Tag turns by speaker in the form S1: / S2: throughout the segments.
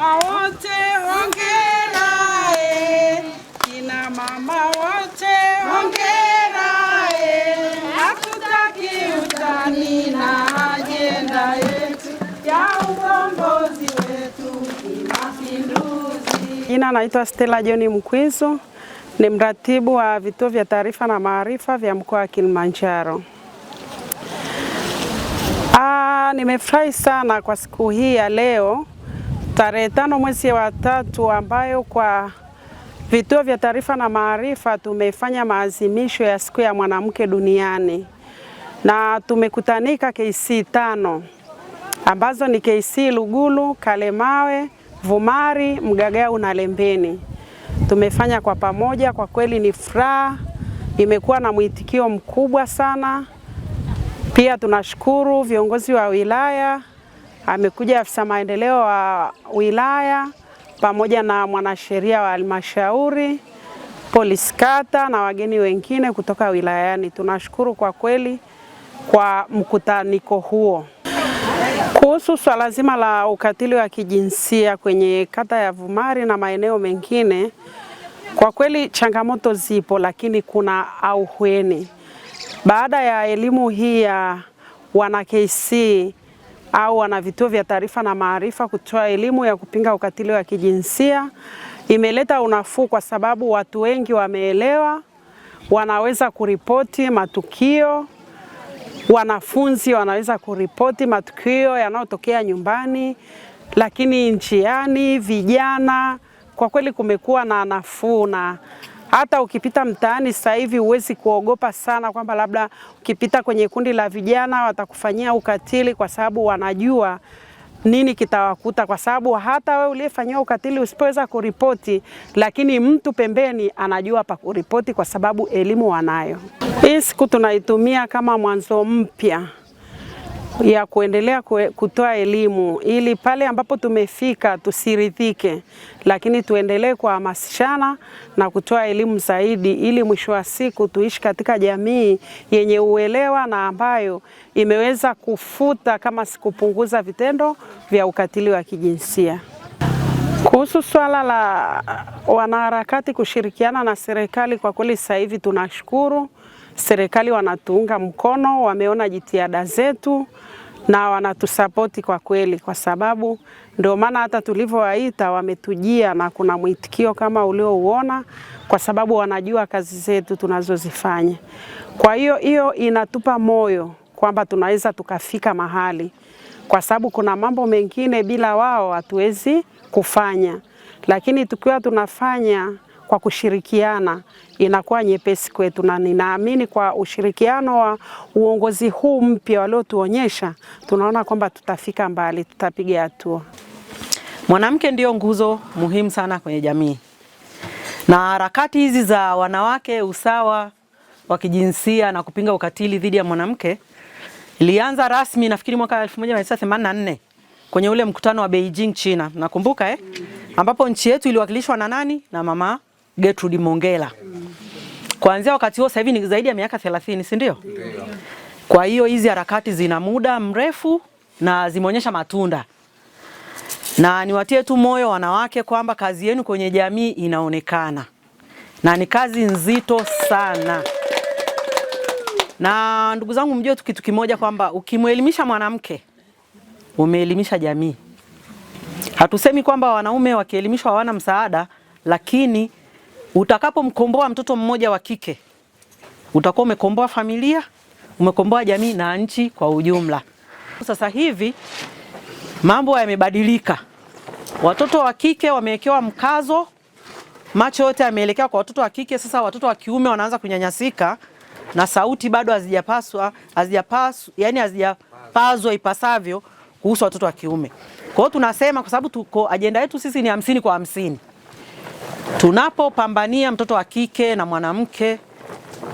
S1: mama wote hongerae, kina mama wote hongerae, hatutaki utani na ajenda yetu ya uongozi wetu kimapinduzi.
S2: Jina naitwa Stella John Mkwizu, ni mratibu wa vituo vya taarifa na maarifa vya mkoa wa Kilimanjaro. Ah, nimefurahi sana kwa siku hii ya leo tarehe tano mwezi wa tatu, ambayo kwa vituo vya taarifa na maarifa tumefanya maazimisho ya siku ya mwanamke duniani na tumekutanika KC tano ambazo ni KC Lugulu, Kalemawe, Vumari, Mgagau na Lembeni. Tumefanya kwa pamoja, kwa kweli ni furaha, imekuwa na mwitikio mkubwa sana. Pia tunashukuru viongozi wa wilaya amekuja afisa maendeleo wa wilaya pamoja na mwanasheria wa halmashauri, polisi kata na wageni wengine kutoka wilayani. Tunashukuru kwa kweli kwa mkutaniko huo. Kuhusu swala zima la ukatili wa kijinsia kwenye kata ya Vumari na maeneo mengine, kwa kweli changamoto zipo, lakini kuna auhweni. Baada ya elimu hii ya wana KC au wana vituo vya taarifa na maarifa kutoa elimu ya kupinga ukatili wa kijinsia. Imeleta unafuu kwa sababu watu wengi wameelewa, wanaweza kuripoti matukio, wanafunzi wanaweza kuripoti matukio yanayotokea nyumbani, lakini njiani, vijana. Kwa kweli kumekuwa na nafuu na hata ukipita mtaani sasa hivi huwezi kuogopa sana kwamba labda ukipita kwenye kundi la vijana watakufanyia ukatili, kwa sababu wanajua nini kitawakuta, kwa sababu hata wewe uliyefanyiwa ukatili usipoweza kuripoti, lakini mtu pembeni anajua pa kuripoti, kwa sababu elimu wanayo. Hii siku tunaitumia kama mwanzo mpya ya kuendelea kutoa elimu ili pale ambapo tumefika tusiridhike, lakini tuendelee kuhamasishana na kutoa elimu zaidi, ili mwisho wa siku tuishi katika jamii yenye uelewa na ambayo imeweza kufuta kama sikupunguza vitendo vya ukatili wa kijinsia. Kuhusu swala la wanaharakati kushirikiana na serikali, kwa kweli sasa hivi tunashukuru serikali wanatuunga mkono, wameona jitihada zetu na wanatusapoti kwa kweli, kwa sababu ndio maana hata tulivyowaita wametujia na kuna mwitikio kama uliouona, kwa sababu wanajua kazi zetu tunazozifanya. Kwa hiyo hiyo inatupa moyo kwamba tunaweza tukafika mahali, kwa sababu kuna mambo mengine bila wao hatuwezi kufanya, lakini tukiwa tunafanya kwa kushirikiana inakuwa nyepesi kwetu, na ninaamini kwa ushirikiano wa uongozi huu mpya waliotuonyesha, tunaona kwamba tutafika mbali, tutapiga hatua.
S3: Mwanamke ndiyo nguzo muhimu sana kwenye jamii, na harakati hizi za wanawake, usawa wa kijinsia na kupinga ukatili dhidi ya mwanamke ilianza rasmi nafikiri mwaka 1984 kwenye ule mkutano wa Beijing China, nakumbuka eh? ambapo nchi yetu iliwakilishwa na nani? Na mama Gertrude Mongela. Kuanzia wakati huo sasa hivi ni zaidi ya miaka 30, si ndio? Kwa hiyo hizi harakati zina muda mrefu na zimeonyesha matunda, na niwatie tu moyo wanawake kwamba kazi yenu kwenye jamii inaonekana na ni kazi nzito sana. Na ndugu zangu, mjue tu kitu kimoja kwamba ukimwelimisha mwanamke umeelimisha jamii. Hatusemi kwamba wanaume wakielimishwa hawana msaada, lakini Utakapomkomboa mtoto mmoja wa kike utakuwa umekomboa familia, umekomboa jamii na nchi kwa ujumla. Sasa hivi mambo yamebadilika, watoto wa kike wamewekewa mkazo, macho yote yameelekea kwa watoto wa kike. Sasa watoto wa kiume wanaanza kunyanyasika na sauti bado hazijapaswa, hazijapaswa, yani hazijapazwa ipasavyo kuhusu watoto wa kiume. Kwa hiyo tunasema, kwa sababu tuko ajenda yetu sisi ni hamsini kwa hamsini tunapopambania mtoto wa kike na mwanamke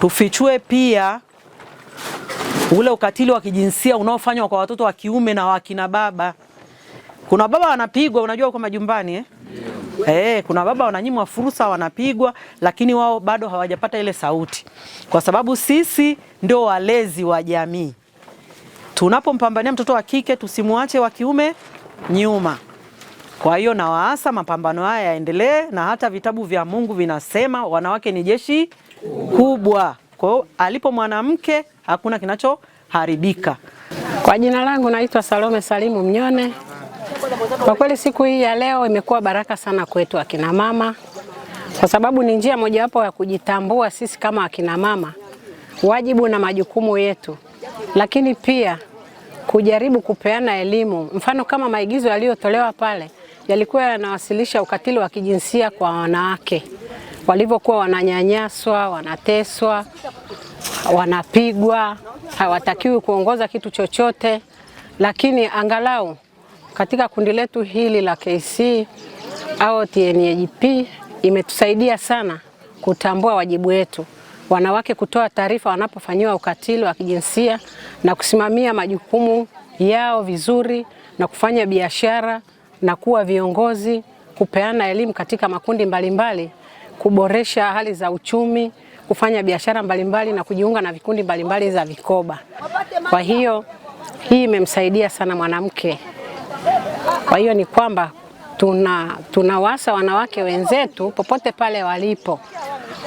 S3: tufichue pia ule ukatili wa kijinsia unaofanywa kwa watoto wa kiume na wakina baba. Kuna baba wanapigwa, unajua huko majumbani eh? Hey, eh, kuna baba wananyimwa fursa, wanapigwa, lakini wao bado hawajapata ile sauti, kwa sababu sisi ndio walezi wa jamii. Tunapompambania mtoto wa kike, tusimwache wa kiume nyuma. Kwa hiyo nawaasa mapambano haya yaendelee, na hata vitabu vya Mungu vinasema wanawake ni jeshi kubwa. Kwa hiyo alipo mwanamke hakuna kinachoharibika.
S2: Kwa jina langu naitwa Salome Salimu Mnyone. Kwa kweli siku hii ya leo imekuwa baraka sana kwetu akina mama, kwa sababu ni njia mojawapo ya kujitambua sisi kama akina mama, wajibu na majukumu yetu, lakini pia kujaribu kupeana elimu, mfano kama maigizo yaliyotolewa pale yalikuwa yanawasilisha ukatili wa kijinsia kwa wanawake, walivyokuwa wananyanyaswa, wanateswa, wanapigwa, hawatakiwi kuongoza kitu chochote. Lakini angalau katika kundi letu hili la KC au TNAGP imetusaidia sana kutambua wajibu wetu wanawake kutoa taarifa wanapofanyiwa ukatili wa kijinsia na kusimamia majukumu yao vizuri na kufanya biashara na kuwa viongozi, kupeana elimu katika makundi mbalimbali mbali, kuboresha hali za uchumi, kufanya biashara mbalimbali na kujiunga na vikundi mbalimbali za vikoba. Kwa hiyo hii imemsaidia sana mwanamke. Kwa hiyo ni kwamba tuna tunawasa wanawake wenzetu popote pale walipo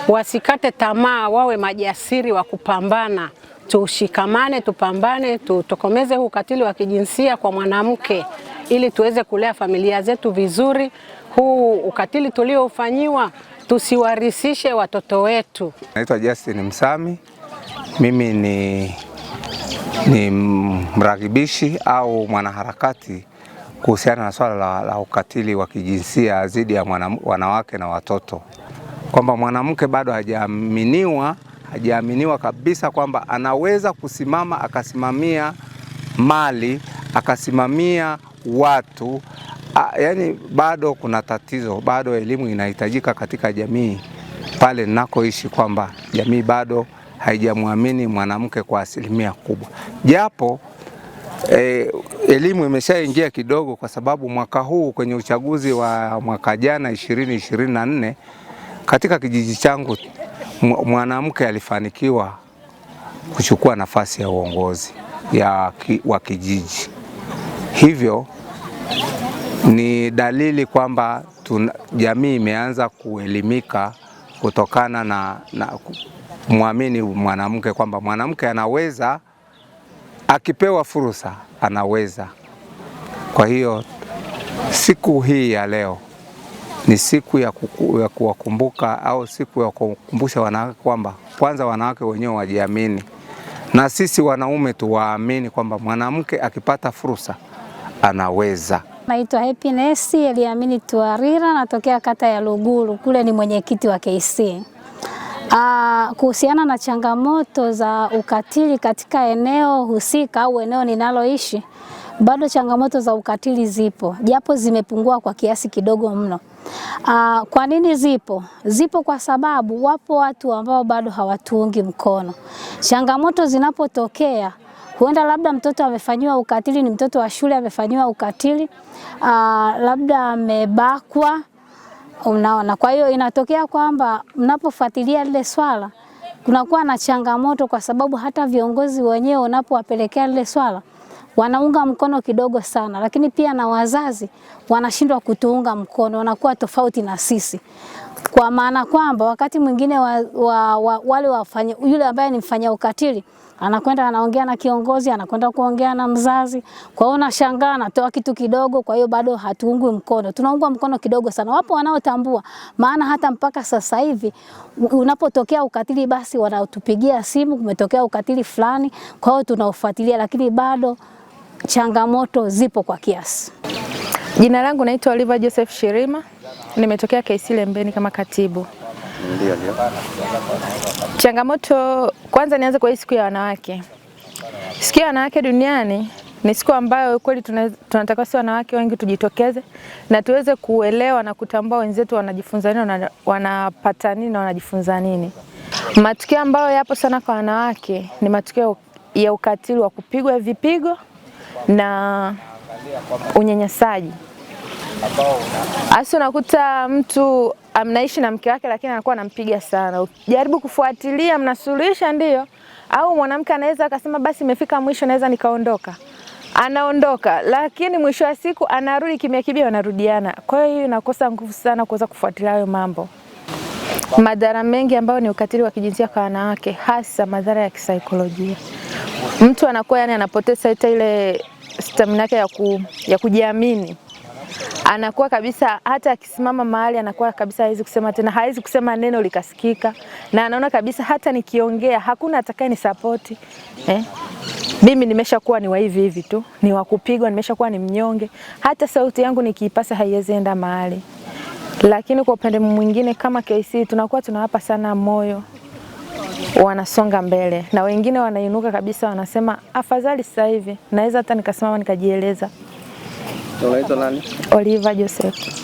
S2: wasikate tamaa, wawe majasiri wa kupambana. Tushikamane, tupambane, tutokomeze huu ukatili wa kijinsia kwa mwanamke ili tuweze kulea familia zetu vizuri. Huu ukatili tuliofanyiwa tusiwarisishe watoto wetu.
S4: Naitwa Justin Msami, mimi ni, ni mrakibishi au mwanaharakati kuhusiana na swala la, la ukatili wa kijinsia dhidi ya wanawake na watoto, kwamba mwanamke bado hajaaminiwa hajaaminiwa kabisa kwamba anaweza kusimama akasimamia mali akasimamia watu a, yani bado kuna tatizo, bado elimu inahitajika katika jamii pale ninakoishi, kwamba jamii bado haijamwamini mwanamke kwa asilimia kubwa, japo e, elimu imeshaingia kidogo, kwa sababu mwaka huu kwenye uchaguzi wa mwaka jana 2024 katika kijiji changu mwanamke alifanikiwa kuchukua nafasi ya uongozi ya ki, wa kijiji. Hivyo ni dalili kwamba jamii imeanza kuelimika kutokana na, na mwamini mwanamke kwamba mwanamke anaweza akipewa fursa anaweza. Kwa hiyo siku hii ya leo ni siku ya, kuku, ya kuwakumbuka au siku ya kukumbusha wanawake kwamba kwanza wanawake wenyewe wajiamini, na sisi wanaume tuwaamini kwamba mwanamke akipata fursa anaweza.
S5: Naitwa Happiness Eliamini Tuarira, natokea kata ya Luguru, kule ni mwenyekiti wa KC. Ah, kuhusiana na changamoto za ukatili katika eneo husika au eneo ninaloishi, bado changamoto za ukatili zipo, japo zimepungua kwa kiasi kidogo mno. Aa, ah, kwa nini zipo? Zipo kwa sababu wapo watu ambao bado hawatuungi mkono. Changamoto zinapotokea Huenda labda mtoto amefanyiwa ukatili, ni mtoto wa shule amefanyiwa ukatili, uh, labda amebakwa, unaona. Kwa hiyo inatokea kwamba mnapofuatilia lile swala kunakuwa na changamoto, kwa sababu hata viongozi wenyewe unapowapelekea lile swala wanaunga mkono kidogo sana, lakini pia na wazazi wanashindwa kutuunga mkono, wanakuwa tofauti na sisi, kwa maana kwamba wakati mwingine wa, wa, wa, wale wafanya yule ambaye ni mfanya ukatili anakwenda anaongea na kiongozi, anakwenda kuongea na mzazi. Kwa hiyo nashangaa, anatoa kitu kidogo. Kwa hiyo bado hatuungwi mkono, tunaungwa mkono kidogo sana. Wapo wanaotambua, maana hata mpaka sasa hivi unapotokea ukatili, basi wanatupigia simu, kumetokea ukatili fulani. Kwa hiyo tunaufuatilia, lakini bado changamoto zipo kwa kiasi.
S6: Jina langu naitwa Oliva Joseph Shirima, nimetokea KC Lembeni kama katibu. Ndio, ndio. Changamoto kwanza, nianze kwa siku ya wanawake. Siku ya wanawake duniani ni siku ambayo kweli tunatakiwa si wanawake wengi tujitokeze na tuweze kuelewa na kutambua wenzetu wanajifunza nini, wanapata nini na wanajifunza nini. Matukio ambayo yapo sana kwa wanawake ni matukio ya ukatili wa kupigwa vipigo na unyanyasaji ambao hasa unakuta mtu amnaishi na mke wake, lakini anakuwa anampiga sana. Ukijaribu kufuatilia, mnasuluhisha ndio, au mwanamke anaweza akasema basi imefika mwisho, naweza nikaondoka, anaondoka, lakini mwisho wa siku anarudi kimya kimya, wanarudiana. Kwa hiyo inakosa nguvu sana kuweza kufuatilia hayo mambo. Madhara mengi ambayo ni ukatili wa kijinsia kwa wanawake, hasa madhara ya kisaikolojia. Mtu anakuwa yani anapoteza hata ile stamina yake ya, ku, ya kujiamini anakuwa kabisa, hata akisimama mahali anakuwa kabisa hawezi kusema tena, hawezi kusema neno likasikika, na anaona kabisa hata nikiongea hakuna atakaye support eh. Mimi nimeshakuwa ni wa hivi hivi tu, ni wa kupigwa, nimeshakuwa ni mnyonge, hata sauti yangu nikiipasa haiwezi enda mahali. Lakini kwa upande mwingine kama KC tunakuwa tunawapa sana moyo, wanasonga mbele, na wengine wanainuka kabisa, wanasema afadhali sasa hivi naweza hata nikasimama nikajieleza.
S7: Olaitwa nani? Oliva Joseph.